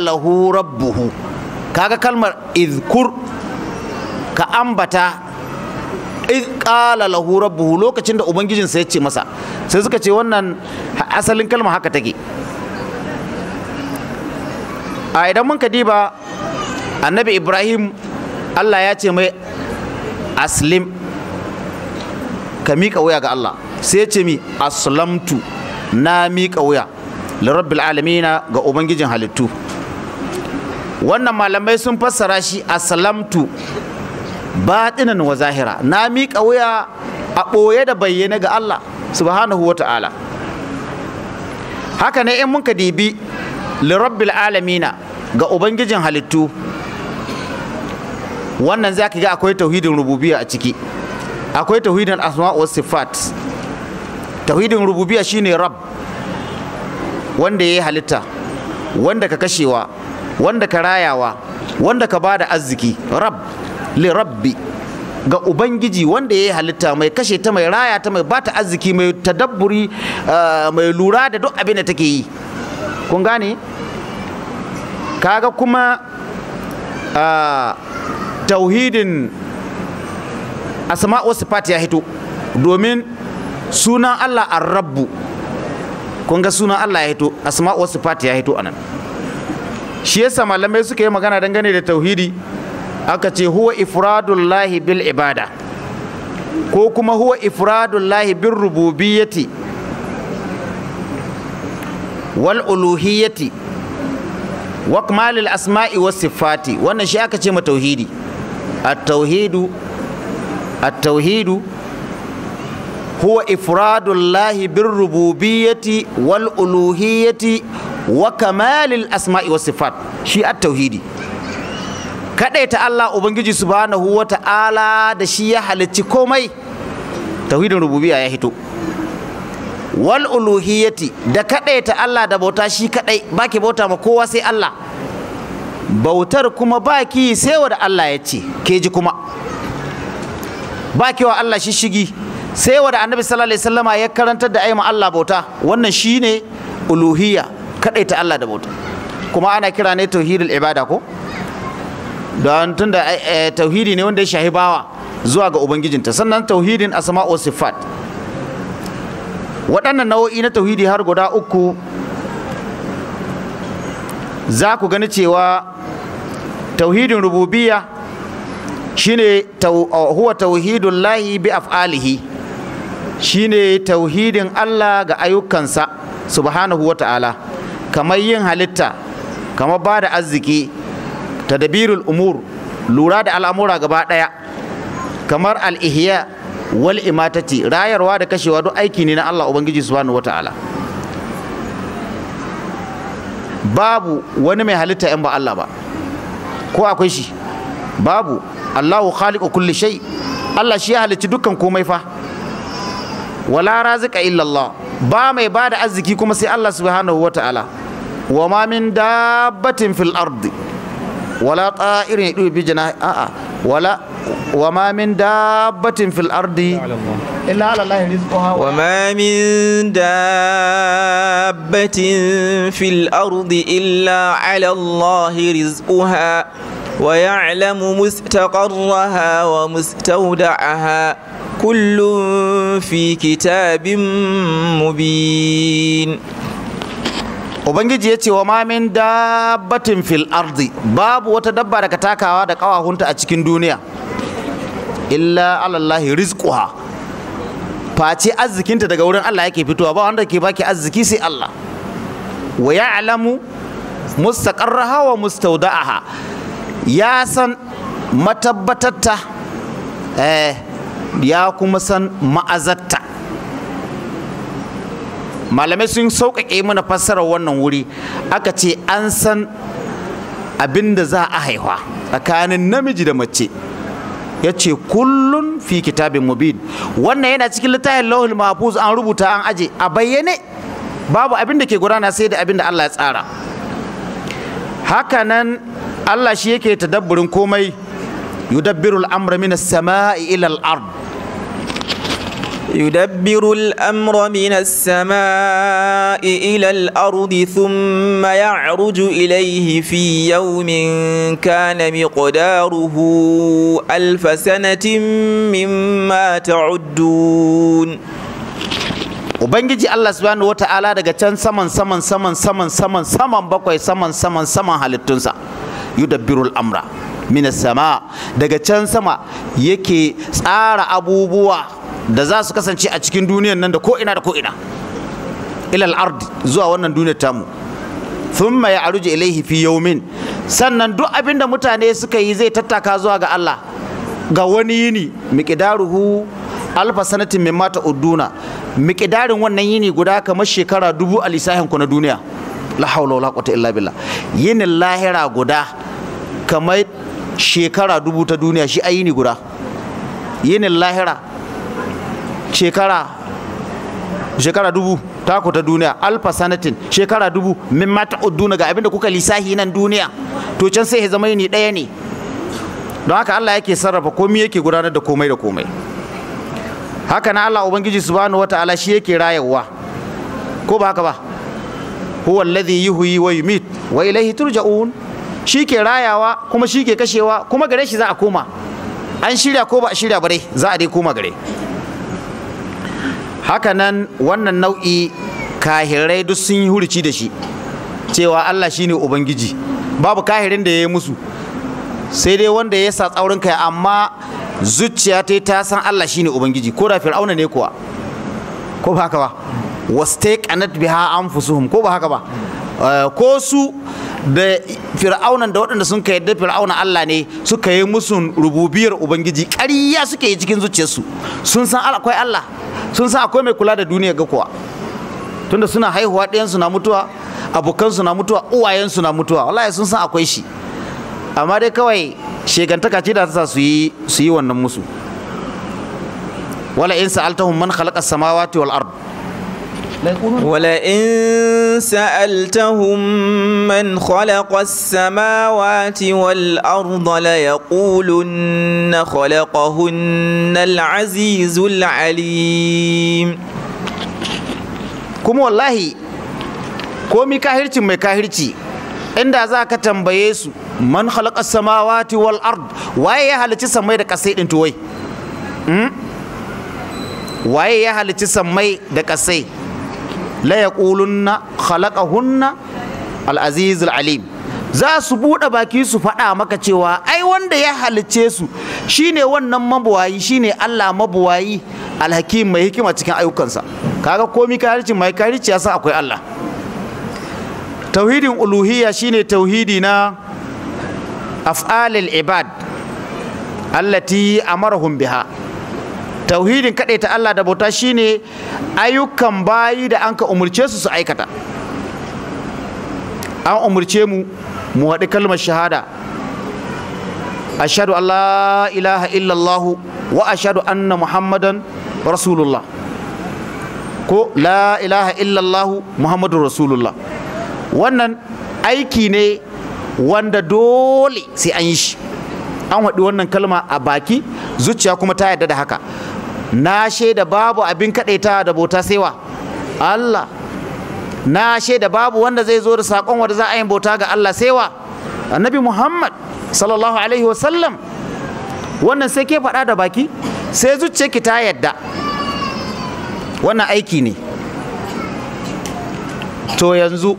lahu rabbuhu kaga kalmar izkur ka ambata iz lahu rabbuhu lokacin da ubangijinsa ya ce masa sai suka ce wannan asalin kalma haka take a idan mun diba annabi ibrahim allah ya ce mai aslim ka miƙa wuya ga Allah sai ce mi aslamtu na miƙa wuya rabbil alamina ga ubangijin halittu wannan malamai sun fassara shi aslamtu batinan wa zahira na miƙa wuya a ɓoye da bayyane ga Allah subhanahu wata'ala haka ne in muka dibi rabbil alamina ga ubangijin halittu wannan za ga akwai tauhidin rububiyya a ciki akwai tauhidin asma wa sifat tauhidin rububiya shine rab wanda ya yi halitta wanda ka kashewa wanda ka rayawa wanda ka bada arziki rab li rabbi ga ubangiji wanda ya yi halitta mai kashe ta mai raya ta mai bata arziki mai tadabburi eh, mai lura da duk abin da take yi kun gane kaga kuma eh, tauhidin asma'u sifat ya hito domin sunan Allah ar-rabbu kun ga sunan Allah ya hito asma'u sifat ya hito anan shi yasa malamai suka yi magana dangane da tauhidi aka ce huwa ifradullahi bil ibada ko kuma huwa ifradullahi bil rububiyyati wal uluhiyyati wa kamalil asma'i was sifati wannan shi aka ce ma tauhidi at-tauhidu التوحيد هو إفراد الله بالربوبية والألوهية وكمال الأسماء والصفات شيء التوحيد كدأت الله أبنجي سبحانه وتعالى دشيا حالتي كومي توحيد الربوبية يا هتو wal uluhiyati da kadaita Allah da bauta shi kadai baki bauta ma kowa sai Allah bautar kuma baki sai wa da Allah ya ce ke ji kuma ba kewa Allah shi shigi sai da annabi sallallahu alaihi wasallama ya karantar da ayyuma Allah bauta wannan shine uluhiyya ta Allah da bauta kuma ana kira ne tauhidul ibada ko don tunda eh, eh, tauhidi ne wanda ya shahi bawa zuwa ga ubangijinta sannan tauhidin asma'u sifat waɗannan nau'i na tauhidi har guda uku za ku gani cewa tauhidin rububiyya shine huwa Tauhidun lahi bi af'alihi shine tauhidin Allah ga ayyukansa subhanahu wata'ala kamar yin halitta kamar ba da arziki tadabirul umur lura da al'amura gaba ɗaya kamar al'ihiya wal imatati rayarwa da kashewa duk aiki ne na Allah ubangiji subhanahu wata'ala babu wani mai halitta yan ba Allah ba ko akwai shi babu Allahu khaliqu kulli shay Allah shi ya halicci dukkan komai fa wala razika Allah. ba mai bada arziki kuma sai Allah subhanahu wataala wa ma min dabbatin fil ardi wala ta'irin yadu bi wala wa ma min dabbatin fil ardi إلا على الله رزقها ويعلم مستقرها ومستودعها كل في كتاب مبين Ubangiji ya ce wa mamin dabbatin fil ardi babu wata dabba daga takawa da kawahunta a cikin duniya illa alallahi rizquha face arzikinta daga wurin Allah yake fitowa ba wanda ke baki arziki sai Allah wa ya'lamu mustaqarraha wa mustawda'aha ya san matabbatatta eh, ya kuma san ma'azatta malamai sun sauƙaƙe mana fassarar wannan wuri aka ce an san abin da za a haihuwa tsakanin namiji da mace ya ce kullum fi kitabin mubin wannan yana cikin littafin lauhul mahfuz an rubuta an aje a bayyane babu abin da ke gudana sai da abin da Allah ya tsara hakanan Allah shi yake ta tadabburin komai yudabbiru al'amra min as-sama'i ila al-ard يدبر الأمر من السماء إلى الأرض ثم يعرج إليه في يوم كان مقداره ألف سنة مما تعدون Ubangiji Allah subhanahu wata'ala daga can saman saman saman saman saman saman bakwai saman saman saman halittunsa. yudabbirul amra minas sama daga can sama yake tsara abubuwa da za su kasance a cikin duniyan nan da ko ina da ko ina ilal ard zuwa wannan duniyar tamu thumma ya aruji ilaihi fi yawmin sannan duk abin da mutane suka yi zai tattaka zuwa ga Allah ga wani yini miqdaruhu alfa sanatin mimma ta'uduna miqdarin wannan yini guda kamar shekara dubu a ku na duniya la haula wala quwwata illa billah yin lahira guda kamar shekara dubu ta duniya shi ayini guda Yin lahira shekara shekara dubu taku ta duniya alfa sanatin shekara dubu min mata udduna ga abinda kuka lisahi nan duniya to can sai ya zama yini daya ne don haka Allah yake sarrafa komai yake gudanar da komai da komai haka na Allah ubangiji subhanahu wataala shi yake rayuwa. ko ba haka ba huwa alladhi yuhyi wa yumit wa ilayhi turja'un shi ke rayawa kuma shi kashewa kuma gare shi za a koma an shirya ko ba a shirya bare za a dai koma gare nan wannan nau'i kahirai duk sun yi hurici da shi cewa Allah shine ubangiji babu kahirin da ya yi musu sai dai wanda ya sa tsaurin kai amma zuciya ta ta san Allah shine ubangiji ko da fir'auna ne kuwa ko ba haka ba wastaqanat biha anfusuhum ko ba haka ba eh, ko su da fir'aunan da waɗanda sun ka yadda fir'auna Allah ne suka yi musu rububiyar ubangiji ƙarya suke yi cikin zuciyarsu sun san akwai Allah sun san akwai mai kula da duniya ga kowa tunda suna haihuwa ɗayansu na mutuwa abokansu na mutuwa uwayensu na mutuwa wallahi sun san akwai shi amma dai kawai shegantaka ce da ta su yi su yi wannan musu wala in sa'altahum man khalaqa samawati wal ard ولئن سألتهم من خلق السماوات والأرض ليقولن خلقهن العزيز العليم kuma wallahi komi kahircin mai kahirci inda za ka tambaye su man khalaqa samawati wal ard waye ya halici samai da kasai din tuwai hmm? waye ya halici samai da kasai la yaqulunna khalaqahunna al-aziz al-alim za su buɗe baki su faɗa maka cewa ai wanda ya halice su shine wannan mabuwayi shine Allah mabuwayi alhakim mai hikima cikin ayyukansa kaga komi karici mai karici ya akwai Allah tauhidin uluhiyya shine tauhidi na af'alil ibad allati amarahum biha tauhidin ta Allah da bauta shine ayyukan bayi da an ka umurce su su aikata an umurce mu mu haɗi kalmar shahada ashadu Allah ilaha illallahu wa ashadu anna muhammadan rasulullah ko la ilaha illallahu muhammadun rasulullah wannan aiki ne wanda dole sai an yi shi an haɗi wannan kalma a baki zuciya kuma ta yarda da haka na shaida babu abin kadaita da bauta saiwa Allah na shaida babu wanda zai zo da sakon wanda za a yi bauta ga Allah saiwa annabi Muhammad sallallahu alaihi wasallam wannan sai ke faɗa da baki sai ki ta yadda wannan aiki ne to yanzu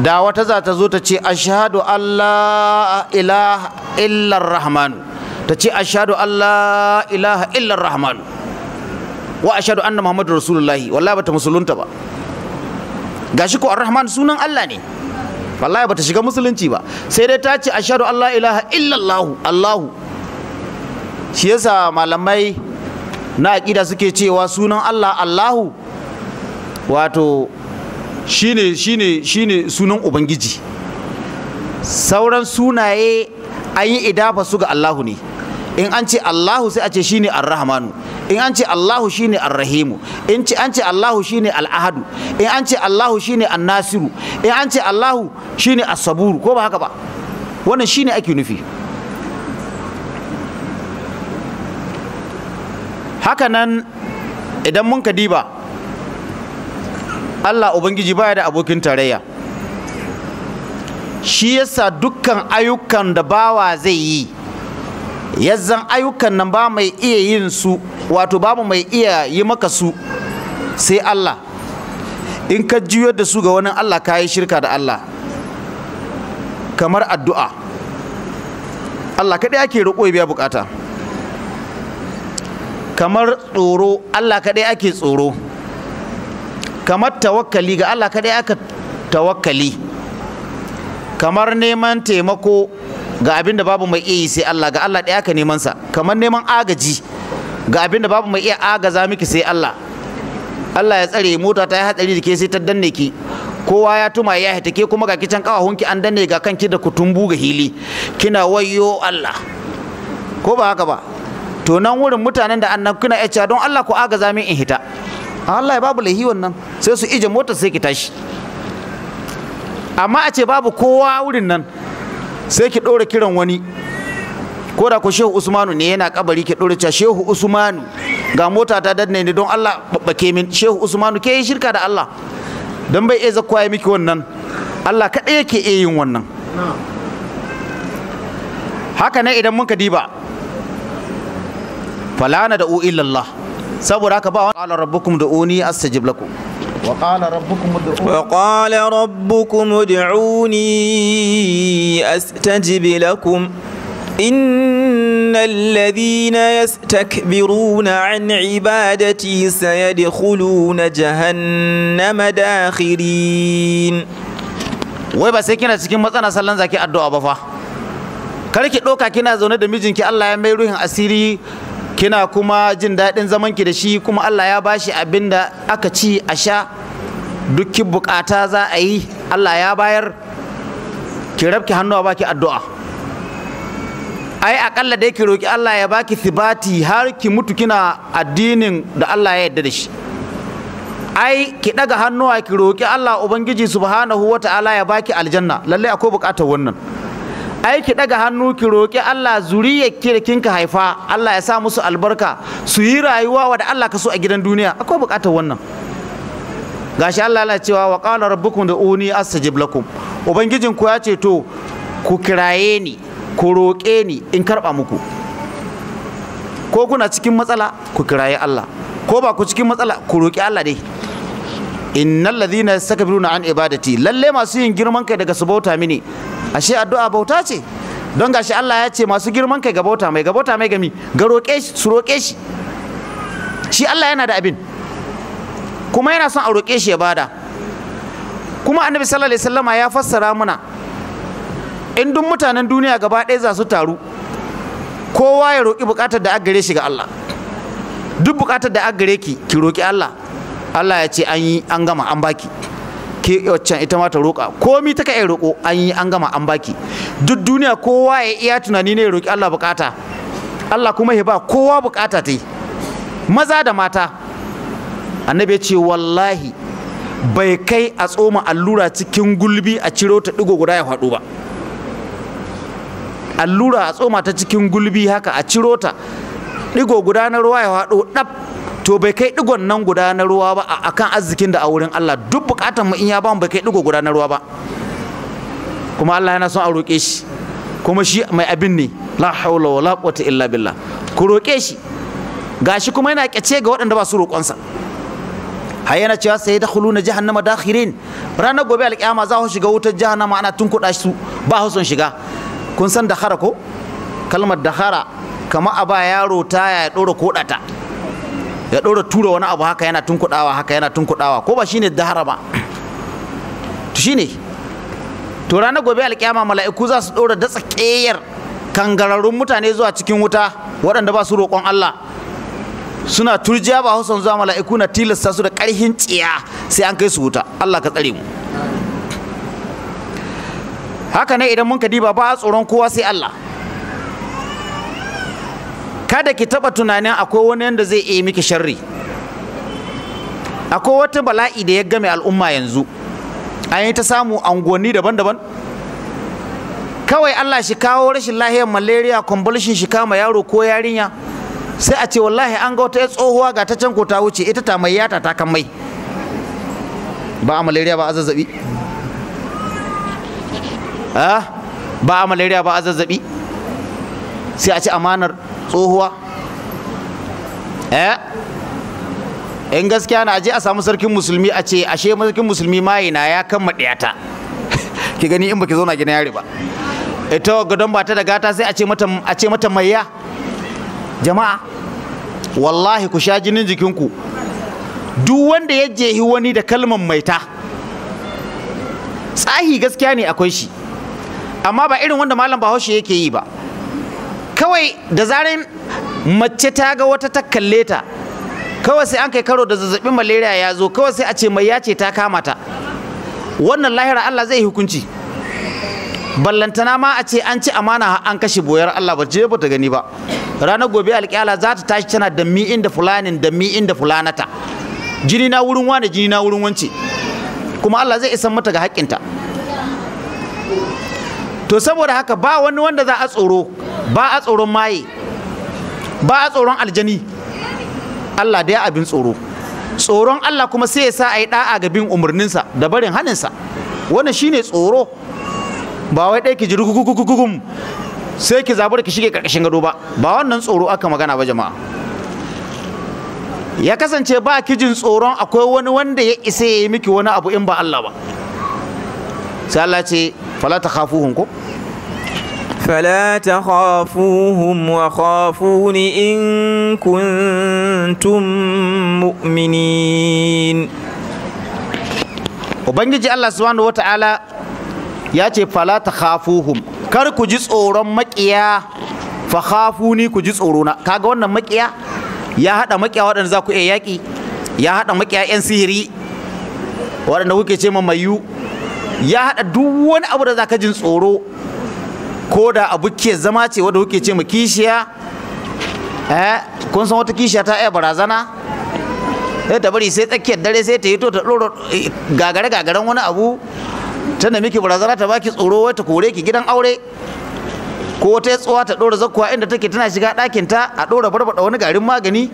da wata za ta zo ta ce ashhadu Allah ilaha illar rahmanu ta ce ashhadu Allah ilaha illar rahmanu wa ashhadu anna muhammadu rasulullahi wallahi bata musulunta ba gashi ko ar-rahman sunan Allah ne wallahi bata shiga musulunci ba sai dai ta ce ashhadu allah ilaha illallahu Allahu shi yasa malamai na aqida suke cewa sunan Allah Allahu wato shine shine shine sunan ubangiji sauran sunaye an yi idafa su ga Allahu ne in an ce Allahu sai a ce shine ar-rahmanu in an ce Allahu shine Ar-Rahimu in ce an ce Allahu shine Al-Ahadu in an ce Allahu shine An-Nasiru in an ce Allahu shine As-Saburu ko ba haka ba wannan shine ake nufi haka nan idan mun ka diba Allah Ubangiji baya da abokin tarayya shi yasa dukkan ayyukan da bawa zai yi yazzan ayyukan nan ba mai iya yin su wato babu mai iya yi maka su sai Allah in ka juyo da su ga wani Allah ka yi shirka da Allah kamar addu'a Allah kaɗai ake roƙo ya biya bukata kamar tsoro Allah kaɗai ake tsoro kamar tawakkali ga Allah kaɗai aka tawakkali kamar neman taimako ga abin da babu mai iya yi sai Allah ga Allah ɗaya ka neman sa kamar neman agaji ga abin da babu mai iya agaza miki sai Allah Allah ya tsare mota ta yi hatsari da ke sai ta danne ki kowa ya tuma ya hita ke kuma ga kicin kawahunki an danne ga kanki da kutumbu ga hili kina wayo Allah ko ba haka ba to nan wurin mutanen da annan kuna yace don Allah ku agaza min in hita Allah ya babu lahi wannan sai su ije motar sai ki tashi amma a ce babu kowa wurin nan sai ki ɗora kiran wani ko da ku shehu usmanu ne yana kabari ki ɗora cewa shehu usmanu ga mota ta danne ne don allah babbake min shehu usmanu ke yi shirka da allah don bai iya zakkuwa ya miki wannan allah kaɗai yake iya yin wannan haka nan idan muka diba falana da illallah saboda haka ba wani ala rabbukum da uni astajib lakum وقال ربكم ادعوني وقال ربكم ادعوني أستجب لكم إن الذين يستكبرون عن عبادتي سيدخلون جهنم داخرين wai ba sai kina cikin matsana sallan zaki addu'a ba fa kar ki ɗauka kina zaune da mijinki Allah ya mai ruhin asiri kina kuma jin daɗin zamanki da shi kuma Allah ya bashi abin da aka ci a sha dukkin bukata za a yi Allah ya bayar ki rabki hannu a baki addu'a ai akalla dai ki roki Allah ya baki sibati har ki mutu kina addinin da Allah ya yarda da shi ai ki daga hannuwa ki roki Allah ubangiji subhanahu wata'ala ya baki aljanna Lallai akwai bukatar wannan ai ki daga hannu ki roki Allah zuriyar ki da kinka haifa Allah ya sa musu albarka su yi rayuwa da Allah ka so a gidan duniya akwai bukatar wannan gashi Allah yana cewa wa qala rabbukum ud'uni astajib lakum ubangijin ku ya ce to ku kiraye ni ku roƙe ni in karba muku ko kuna cikin matsala ku kiraye Allah ko ba ku cikin matsala ku roƙi Allah dai innal ladhina yastakbiruna an ibadati lalle masu yin girman kai daga su bauta mini ashe addu'a bauta ce don gashi Allah ya ce masu girman kai gabauta mai gabauta mai gami ga roƙe shi su roƙe shi shi Allah yana da abin kuma yana son a roƙe shi ya bada kuma annabi sallallahu alaihi wasallama ya fassara muna in duk mutanen duniya gaba ɗaya za su taru kowa ya roƙi buƙatar da aggare shi ga Allah duk buƙatar da aggare ki ki roƙi Allah Allah ya ce an yi an gama an baki ke waccan ita ma ta roƙa komi ta kai roƙo an yi an gama an baki duk duniya kowa ya iya tunani ne ya roƙi Allah bukata Allah kuma ya ba kowa bukata ta maza da mata annabi ya ce wallahi bai kai a tsoma allura cikin gulbi a ciro ta digo guda ya faɗo ba allura a tsoma ta cikin gulbi haka a ciro ta digo guda na ruwa ya haɗo ɗaf to bai kai digon nan guda na ruwa ba akan arzikin da a wurin Allah duk bukatan mu in ya ba mu bai kai digo guda na ruwa ba kuma Allah yana son a roƙe shi kuma shi mai abin ne la haula wala quwwata illa billah ku roƙe shi gashi kuma yana kyace ga waɗanda ba su roƙonsa har yana cewa sai da khuluna jahannama dakhirin ranar gobe alƙiyama za su shiga wutar jahannama ana tunkuɗa su ba su son shiga kun san dakhara ko kalmar dakhara kama a ba yaro taya ya ɗora koɗata ya ɗora tura wani abu haka yana tunkuɗawa haka yana tunkuɗawa ko ba shine dahara ba to shine to ranar gobe alƙiyama mala'iku za su ɗora datsa ƙeyar kangararrun mutane zuwa cikin wuta waɗanda ba su roƙon Allah suna turjiya ba hausan zuwa mala'iku na tilasta su da ƙarhin tsiya sai an kai su wuta Allah ka tsare mu haka ne idan mun ka diba ba a tsoron kowa sai Allah kada ki taba tunanin akwai wani yanda zai iya miki sharri akwai wata bala'i da ya game al'umma yanzu an yi ta samu angoni daban-daban kawai Allah shi kawo rashin lahiyar malaria convulsion shi kama yaro ko yarinya sai a ce wallahi an ga wata tsohuwa ga ta can ko ta wuce ita ta mai yata ta kan mai ba a malaria ba a zazzabi ah, ba a malaria ba a zazzabi sai a ci amanar tsohuwa eh in gaskiya na je a samu sarkin musulmi a ce ashe sarkin musulmi mayina ya kama ta. ki gani in baki zauna gina yare ba ita don ba ta da gata sai a ce mata a ce mata mayya jama'a wallahi ku sha jinin jikinku duk wanda ya jehi wani da kalmar ta. tsahi gaskiya ne akwai shi amma ba irin wanda malam bahaushe yake yi ba kawai da zarin mace ta ga wata ta kalle ta kawai sai an kai karo da zazzabin malaria ya zo kawai sai a ce mai ya ce ta kama ta wannan lahira Allah zai hukunci ballantana ma a ce an ci amana an kashe boyar Allah ba je bata gani ba ranar gobe alƙiyala za ta tashi tana da mi inda fulanin da mi inda fulanata jini na wurin wane jini na wurin wance kuma Allah zai isan mata ga haƙƙinta to saboda haka ba wani wanda za a tsoro ba a tsoron maye ba a tsoron aljani Allah da ya abin tsoro tsoron Allah kuma sai ya sa a yi da'a ga bin umarninsa da barin haninsa wannan shine tsoro ba wai ɗaya ki ji rugugugugum sai ki zabar ki shige ƙarƙashin gado ba ba wannan tsoro aka magana ba jama'a ya kasance ba ki jin tsoron akwai wani wanda ya isa ya yi miki wani abu in ba Allah ba sai Allah ce fala takhafuhum ko فلا تخافوهم وخافون إن كنتم مؤمنين Ubangiji Allah subhanahu wa ta'ala ya ce fala kar ku ji tsoron makiya fa khafuni ku ji tsorona kaga wannan makiya ya hada makiya waɗanda za ku iya yaƙi ya hada makiya 'yan sihiri waɗanda kuke ce mayu ya haɗa duk wani abu da za ka jin tsoro ko da abu ke zama ce wadda kuke ce ma kishiya eh kun san wata kishiya ta aya barazana sai eh, ta bari sai tsakiyar dare sai ta yi to ta ɗora eh, gagare gagaren wani abu ta da miki barazana ta baki tsoro wai ta kore ki gidan aure ko wata tsuwa ta ɗora zakkuwa inda take tana shiga ɗakin ta a ɗora barbaɗa wani garin magani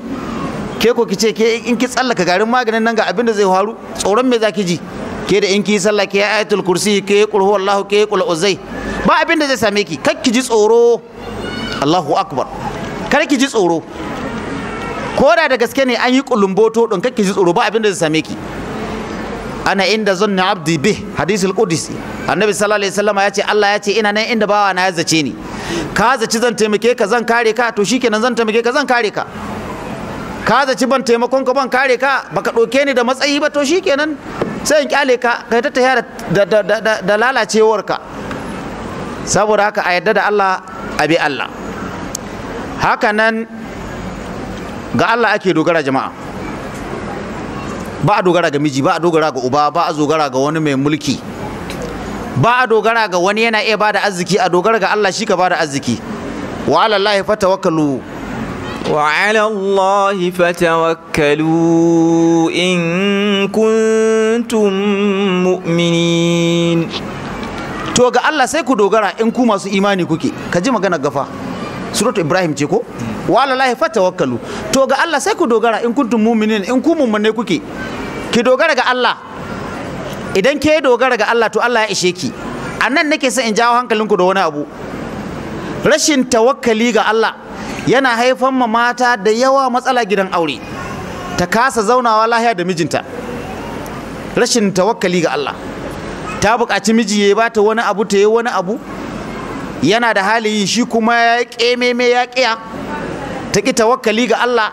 ke ko ki ce ke in ki tsallaka garin maganin nan ga abin da zai faru tsoron me zaki ji ke da in ki sallah ke ayatul kursi ke qulhu Wallahu, ke qul uzai ba abin da zai same ki kar ki ji tsoro Allahu akbar kar ki ji tsoro ko da da gaske ne an yi kulumboto don kar ki ji tsoro ba abin da zai same ki ana inda zanni abdi bih hadisul qudsi annabi sallallahu alaihi wasallam ya ce Allah ya ce ina nan inda bawa na ya zace ni ka zaci zan taimake ka zan kare ka to shikenan zan taimake ka zan kare ka ka zaci ban taimakon ka ban kare ka baka ɗauke ni da matsayi ba to shikenan sai in kyale ka kai ta tafiya da lalacewar ka saboda haka a yadda da Allah a bi Allah haka nan ga Allah ake dogara jama'a ba a dogara ga miji ba a dogara ga uba ba a dogara ga wani mai mulki ba a dogara ga wani yana iya bada arziki a dogara ga Allah shi ka bada arziki wa alallahi fatawakkalu وعلى الله فتوكلوا إن كنتم مؤمنين to ga Allah sai ku dogara in ku masu imani kuke ka ji magana gafa suratu ibrahim ce ko wa lahi fatawakkalu to ga Allah sai ku dogara in kuntum mu'minin in ku mu'mine kuke ki dogara ga Allah idan ke dogara ga Allah to Allah ya ishe ki anan nake son in jawo hankalinku da wani abu rashin tawakkali ga Allah yana haifan ma mata da yawa matsala gidan aure ta kasa zaunawa lahiya da mijinta rashin tawakkali ga Allah ta buƙaci miji ya bata wani abu ta yi wani abu yana da hali shi kuma ya ƙememe ya ƙiya ta ƙi tawakkali ga Allah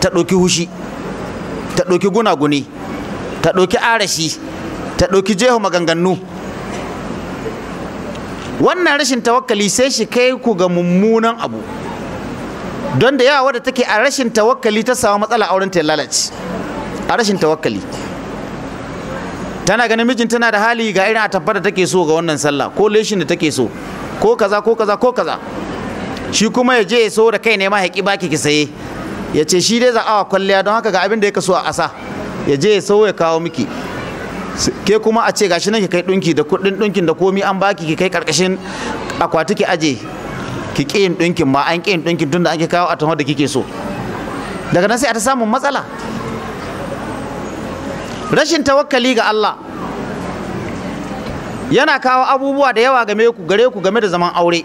ta ɗauki hushi ta ɗauki gunaguni ta ɗauki arashi ta ɗauki jeho maganganu wannan rashin tawakkali sai shi kai ku ga mummunan abu don da yawa wadda take a rashin tawakkali ta samu matsala auren ta lalace a rashin tawakkali tana ganin mijin tana da hali ga irin a da take so ga wannan sallah ko leshin da take so ko kaza ko kaza ko kaza shi kuma ya je ya so da kai ne ma haƙi baki ki saye ya ce shi dai za awa kwalliya don haka ga abin da ya kaso a asa ya je ya so ya kawo miki ke kuma a ce gashi nake kai dinki da kudin dinkin da komi an baki ki kai karkashin akwati ki aje ki kiyin dinkin ma an kiyin dinkin tunda an ke kawo a tamar da kike so daga nan sai a ta samun matsala rashin tawakkali ga Allah yana kawo abubuwa da yawa game ku gare ku game da zaman aure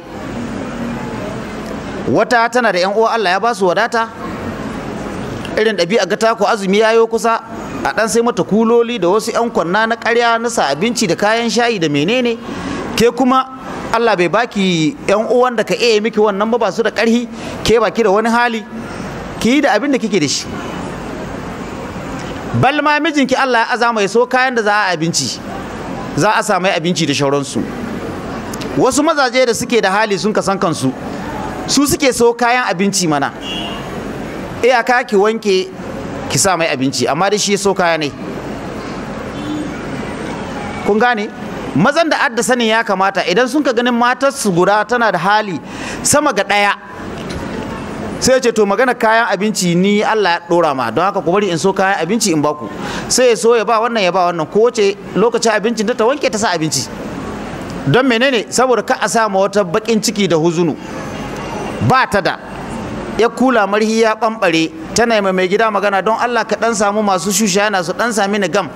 wata tana da yan uwa Allah ya ba su wadata irin ɗabi'a ga tako azumi yayo kusa a ɗan sai mata kuloli da wasu 'yan kwanna na karya na sa abinci da kayan shayi da menene ke kuma Allah bai baki 'yan uwan da ka iya miki wannan ba su da ƙarhi ke baki da wani hali ki yi da abin da kike da shi bal ma mijinki Allah ya azama ya so kayan da za a abinci za a samu abinci da shauransu wasu mazaje da suke da hali sun kasan kansu su suke so kayan abinci mana iyaka ki wanke ki sa mai abinci amma dai shi ya so kaya ne kun gane mazan da adda sanin ya kamata idan sun ka ganin matarsu guda tana da hali sama ga ɗaya sai ya ce to magana kayan abinci ni Allah ya dora ma don haka ku bari in so kayan abinci in baku sai ya so ya ba wannan ya ba wannan ko wace lokacin abincin ta wanke ta sa abinci don menene saboda ka a sa wata bakin ciki da huzunu ba ta da ya kula marhi ya bambare tana mai mai gida magana don Allah ka dan samu masu shusha yana su dan sami ni gam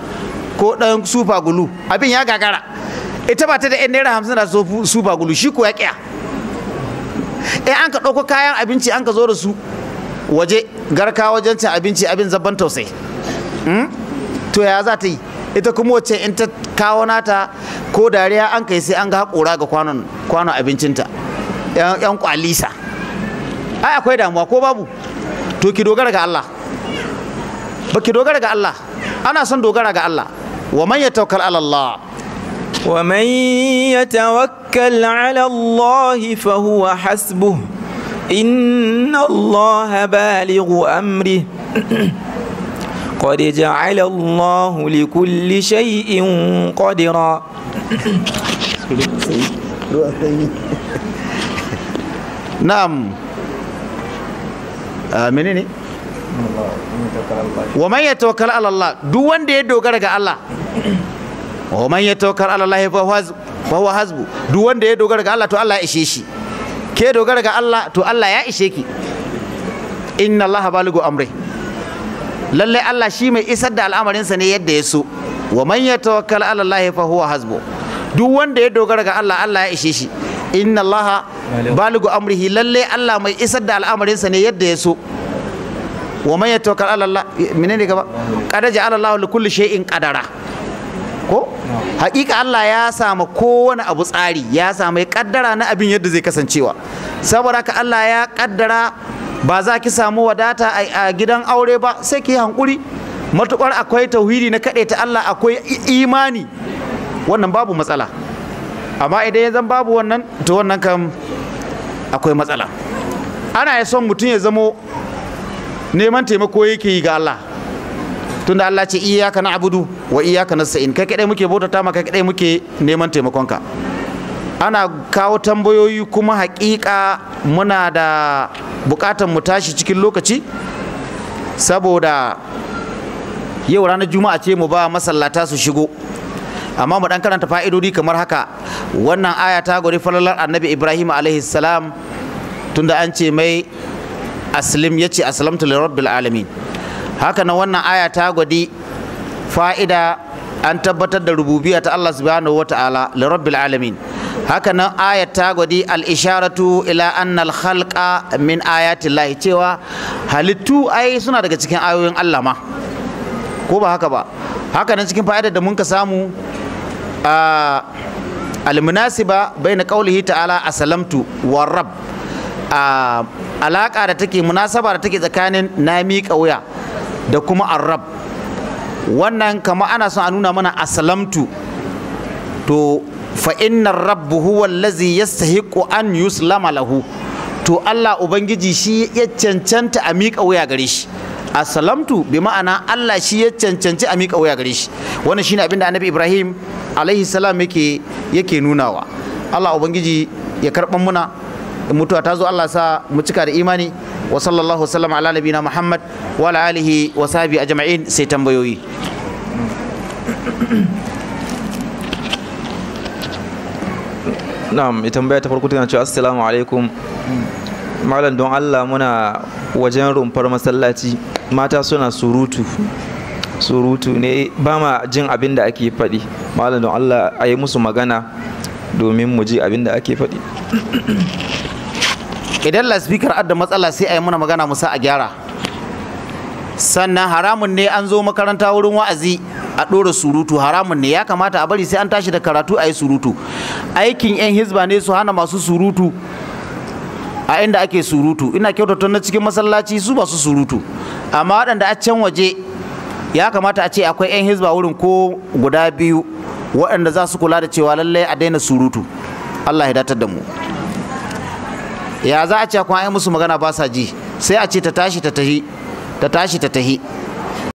ko dan super gulu abin ya gagara ita ba ta da yan naira hamsin da super gulu shi ko ya kiya eh an ka ɗauko kayan abinci an ka zo da su waje garka wajen cin abinci abin zabban tausayi hmm? to ya za ta yi ita kuma wacce in ta kawo nata ko dariya an kai sai an ga haƙura ga kwanon kwano abincinta yan kwalisa ai akwai damuwa ko babu to ki dogara ga Allah ba ki dogara ga Allah ana son dogara ga Allah wa man yatawakkal ala Allah wa man yatawakkal ala Allah fa huwa hasbuh inna Allah balighu amri قد جعل الله لكل شيء قدرا Na'am. Ah, menene wa man yatawakkal ala Allah duk wanda ya dogara ga Allah wa man yatawakkal ala Allah fa huwa hasbu duk wanda ya dogara ga Allah to Allah ya ishe shi ke dogara ga Allah to Allah ya ishe ki inna Allah baligu amri lalle Allah shi mai isar da sa ne yadda ya so wa man yatawakkal ala Allah fa huwa hasbu duk wanda ya dogara ga Allah Allah ya ishe shi inna Allah baligu amrihi lalle allah mai isar da al'amarinsa ne yadda ya so wa man yatawakkal ala allah menene gaba qad ja'ala allah li kulli shay'in qadara ko hakika allah ya samu kowane abu tsari ya samu kaddara na abin yadda zai kasancewa saboda haka allah ya kaddara ba za ki samu wadata a gidan aure ba sai ki hankuri matukar akwai tauhidi na kaɗaita Allah akwai imani wannan babu matsala amma idan ya zan babu wannan to wannan kam akwai matsala ana ya son mutum ya zamo neman taimako yake yi ga Allah tunda Allah ce iyaka na abudu wa iyaka na sa'in kai kadai muke bautata ma kai kadai muke neman taimakonka ana kawo tambayoyi kuma hakika muna da bukatar mu tashi cikin lokaci saboda yau ranar juma'a ce mu ba masallata su shigo amma mu dan karanta fa'idodi kamar haka wannan aya ta gori falalar annabi ibrahim alaihi salam tunda an ce mai aslim ya ce aslamtu lirabbil alamin haka nan wannan aya ta gwadi fa'ida an tabbatar da rububiya ta Allah subhanahu wata'ala lirabbil alamin haka nan aya ta gwadi al-isharatu ila annal khalqa min ayati cewa halittu ai suna daga cikin ayoyin Allah ma ko ba haka ba haka nan cikin fa'idar da mun ka samu a almunasiba na qaulihi ta'ala asalamtu wa rab a alaka da take munasaba da take tsakanin na miƙa wuya da kuma rab wannan kama ana son a nuna mana asalamtu to fa innar rabbu huwa allazi yastahiqu an yuslama lahu to Allah ubangiji shi ya cancanta a miƙa wuya gare shi Asalamtu bi ma'ana Allah shi ya cancanci a miƙa wuya gare shi wannan shine abin da Annabi Ibrahim alaihi salam yake yake nunawa Allah ubangiji ya karban muna mutuwa ta zo Allah sa mu cika da imani wa sallallahu sallama ala nabina Muhammad wa ala alihi wa sahbi ajma'in sai tambayoyi na'am ita tambaya ta farko tana cewa assalamu alaikum malam don allah muna wajen rumfar masallaci mata suna surutu surutu ne ba ma jin abin da ake faɗi malam don allah a yi musu magana domin mu ji abin da ake faɗi idan laspikar adda matsala sai a yi muna magana musa a gyara sannan haramun ne an zo makaranta wurin wa'azi a ɗora surutu haramun ne ya kamata a bari sai an tashi da karatu a yi surutu aikin 'yan hizba ne su hana masu surutu a inda ake surutu ina kyautata na cikin masallaci su ba su surutu amma waɗanda a can waje ya kamata a ce akwai 'yan hizba wurin ko guda biyu waɗanda za su kula da cewa lallai a daina surutu Allah ya datar da mu ya za a ce kuma ai musu magana ba sa ji sai a ce ta tashi ta tahi ta tashi ta tahi